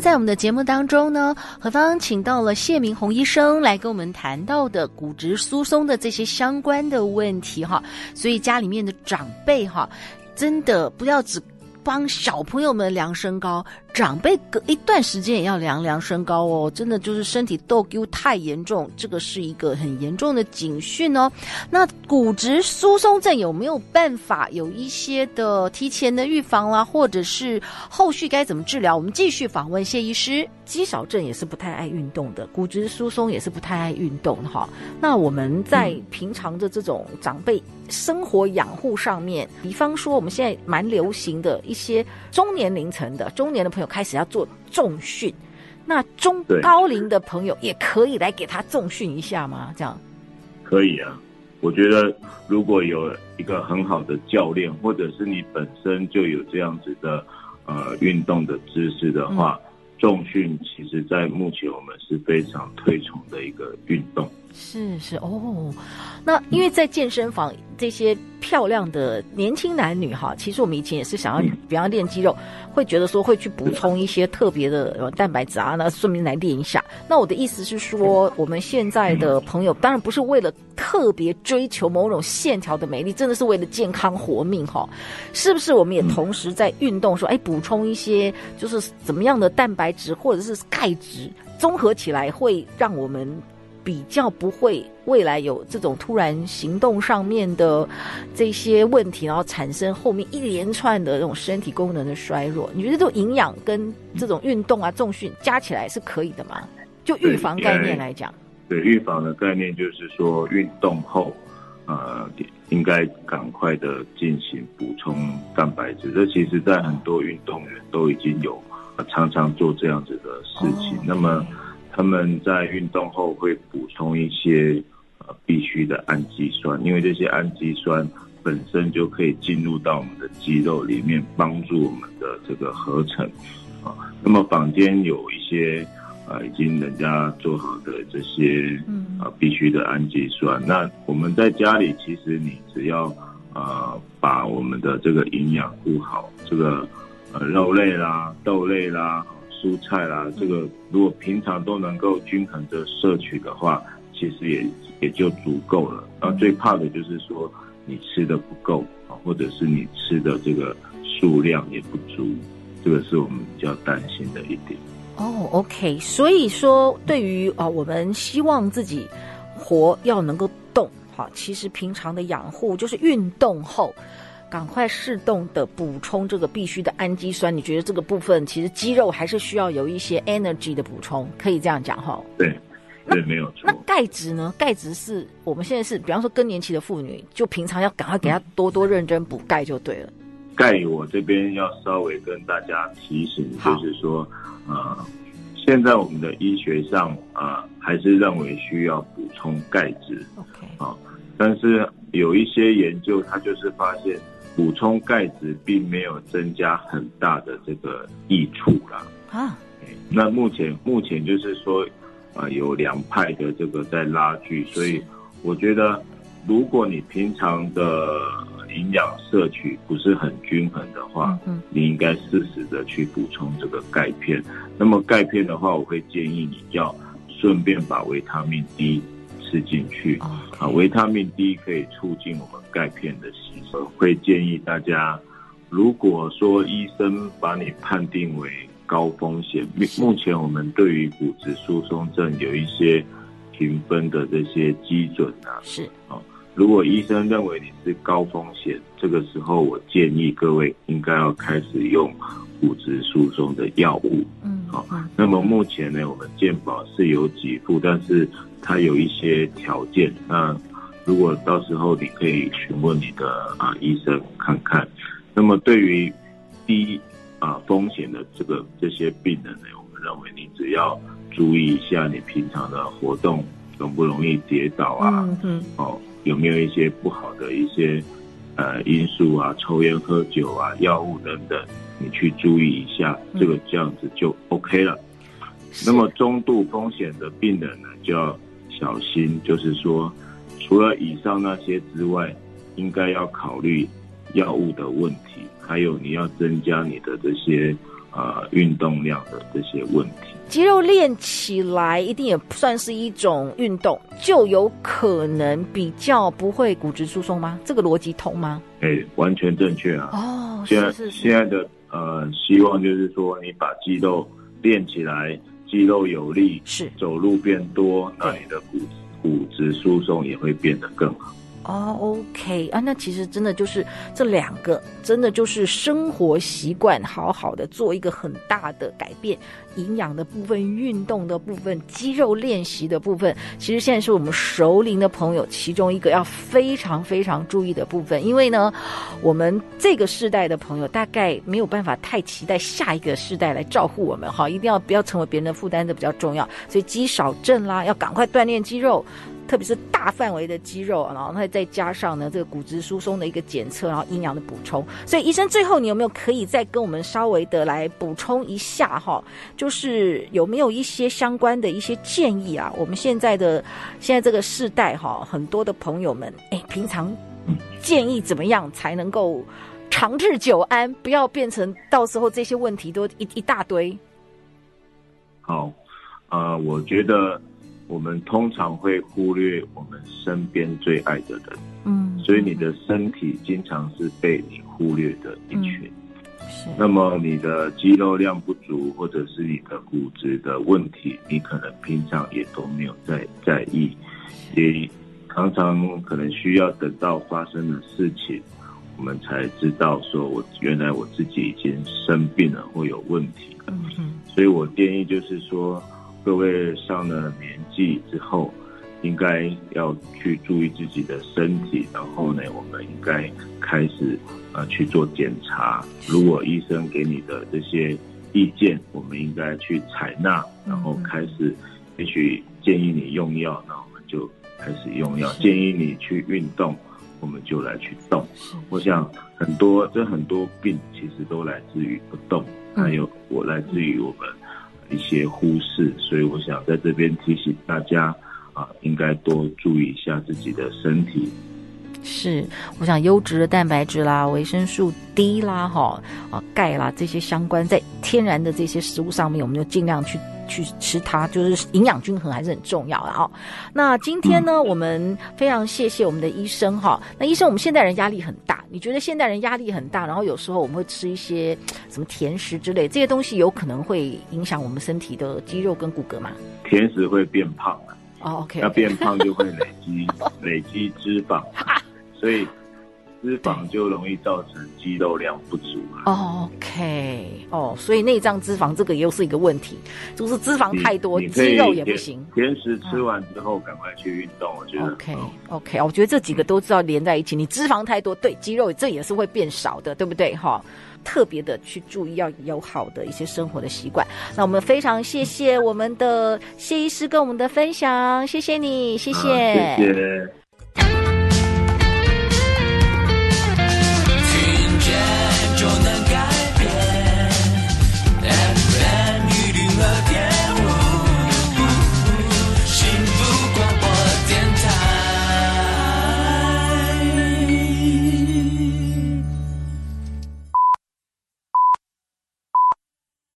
在我們的節目當中呢，何芳請到了謝明宏醫生來跟我們談到的骨質疏鬆的這些相關的問題哈，所以家裡面的長輩哈，真的不要只幫小朋友們量身高。長輩隔一段時間也要量量身高哦，真的就是身體逗丟太嚴重，這個是一個很嚴重的警訊哦。那骨質疏鬆症有沒有辦法有一些的提前的預防啦、啊，或者是後續該怎麼治療？我們繼續訪問謝醫師。肌少症也是不太愛運動的，骨質疏鬆也是不太愛運動的哈。那我們在平常的這種長輩生活養護上面，嗯、比方說我們現在蠻流行的一些中年齡層的中年的朋友。開始要做重訓，那中高齡的朋友也可以來給他重訓一下嗎？對這樣可以啊。我覺得如果有一個很好的教練，或者是你本身就有這樣子的呃運動的知識的話，嗯、重訓其實，在目前我們是非常推崇的一個運動。是是哦，那因為在健身房這些漂亮的年輕男女哈，其實我們以前也是想要，比方練肌肉，會覺得說會去補充一些特別的蛋白質啊，那順便來練一下。那我的意思是說，我們現在的朋友當然不是為了特別追求某種線條的美麗，真的是為了健康活命哈，是不是？我們也同時在運動說，說哎，補充一些就是怎麼樣的蛋白質或者是鈣質，綜合起來會讓我們。比較不會未來有這種突然行動上面的這些問題，然後產生後面一連串的這種身體功能的衰弱。你覺得這種營養跟這種運動啊、重訓加起來是可以的嗎？就預防概念來講，對預防的概念就是說，運動後，呃，應該趕快的進行補充蛋白質。這其實在很多運動員都已經有常常做這樣子的事情。那麼。他們在運動後會補充一些呃必須的氨基酸，因為這些氨基酸本身就可以進入到我們的肌肉裡面，幫助我們的這個合成啊。那麼坊間有一些啊已經人家做好的這些啊必須的氨基酸，嗯、那我們在家裡其實你只要呃、啊、把我們的這個營養顧好，這個呃、啊、肉類啦、豆類啦。蔬菜啦、啊，這個如果平常都能夠均衡的攝取的話，其實也也就足夠了。啊，最怕的就是說你吃的不夠啊，或者是你吃的這個數量也不足，這個是我們比較擔心的一點。哦、Oh，OK，所以說對於啊，我們希望自己活要能夠動，啊，其實平常的養護就是運動後。趕快適動的補充這個必須的氨基酸，你覺得這個部分其實肌肉還是需要有一些 energy 的補充，可以這樣講哈。對，對，沒有錯那。那鈣質呢？鈣質是我們現在是，比方說更年期的婦女，就平常要趕快給她多多認真補鈣就對了。鈣、嗯，我這邊要稍微跟大家提醒，好就是說，呃，現在我們的醫學上啊、呃，還是認為需要補充鈣質。OK，啊、呃，但是有一些研究，他就是發現。補充鈣質並沒有增加很大的這個益處啦。啊、嗯，那目前目前就是說，啊、呃、有兩派的這個在拉鋸，所以我覺得，如果你平常的營養攝取不是很均衡的話，嗯、你應該適時的去補充這個鈣片。那麼鈣片的話，我會建議你要順便把維他命 D 吃進去啊，啊、維他命 D 可以促進我們鈣片的吸。我會建議大家，如果說醫生把你判定為高風險，目前我們對於骨質疏鬆症有一些評分的這些基準啊，是、哦、如果醫生認為你是高風險，這個時候我建議各位應該要開始用骨質疏鬆的藥物。哦、嗯，好、嗯。那麼目前呢，我們健保是有給付，但是它有一些條件。那如果到時候你可以詢問你的啊醫生看看，那麼對於低啊風險的這個這些病人呢，我們認為你只要注意一下你平常的活動容不容易跌倒啊，嗯嗯、哦有沒有一些不好的一些呃因素啊，抽菸喝酒啊，藥物等等，你去注意一下，這個這樣子就 OK 了。嗯、那麼中度風險的病人呢，就要小心，就是說。除了以上那些之外，應該要考慮藥物的問題，還有你要增加你的這些啊、呃、運動量的這些問題。肌肉練起來一定也算是一種運動，就有可能比較不會骨質疏鬆嗎？這個邏輯通嗎？誒、欸，完全正確啊！哦是是是現在，現在是現在的呃，希望就是說你把肌肉練起來，肌肉有力，是走路變多，那你的骨質。骨質疏鬆也會變得更好。哦、oh，OK 啊，那其實真的就是這兩個，真的就是生活習慣好好的做一個很大的改變，營養的部分、運動的部分、肌肉練習的部分，其實現在是我們熟齡的朋友其中一個要非常非常注意的部分，因為呢，我們這個世代的朋友大概沒有辦法太期待下一個世代來照顧我們哈，一定要不要成為別人的負擔的比較重要，所以肌少症啦，要趕快鍛鍊肌肉。特別是大範圍的肌肉，然後它再加上呢，這個骨質疏鬆的一個檢測，然後營養的補充。所以醫生最後，你有沒有可以再跟我們稍微的來補充一下哈？就是有沒有一些相關的一些建議啊？我們現在的現在這個世代哈，很多的朋友們，哎、欸，平常建議怎麼樣才能夠長治久安，不要變成到時候這些問題都一一大堆。好，呃，我覺得。我們通常會忽略我們身邊最愛的人，嗯，所以你的身體經常是被你忽略的一群，嗯，那麼你的肌肉量不足，或者是你的骨質的問題，你可能平常也都沒有在在意，所以常常可能需要等到發生的事情，我們才知道說我，我原來我自己已經生病了或有問題了。嗯，嗯，所以我建議就是說，各位上了記之後，應該要去注意自己的身體，然後呢，我們應該開始啊、呃、去做檢查。如果醫生給你的這些意見，我們應該去採納，然後開始也許建議你用藥，那我們就開始用藥；建議你去運動，我們就來去動。我想很多這很多病其實都來自於不動，還有我來自於我們。一些忽視，所以我想在這邊提醒大家啊，應該多注意一下自己的身體。是，我想優質的蛋白質啦、維生素 D 啦、哈啊鈣啦這些相關在天然的這些食物上面，我們就盡量去去吃它，就是營養均衡還是很重要的哦。那今天呢，嗯、我們非常謝謝我們的醫生哈。那醫生，我們現代人壓力很大。你覺得現代人壓力很大，然後有時候我們會吃一些什麼甜食之類，這些東西有可能會影響我們身體的肌肉跟骨骼嗎？甜食會變胖啊，哦，OK，要變胖就會累積 累積脂肪， 所以。脂肪就容易導致肌肉量不足、啊、o、okay, k 哦，所以內臟脂肪這個又是一個問題，就是脂肪太多，肌肉也不行甜。甜食吃完之後，趕快去運動。哦、我覺得 OK OK 我覺得這幾個都知道連在一起，嗯、你脂肪太多，對肌肉這也是會變少的，對不對？哈、哦，特別的去注意要有好的一些生活的習慣。那我們非常謝謝我們的謝醫師跟我們的分享，謝謝你，謝謝，哦、謝謝。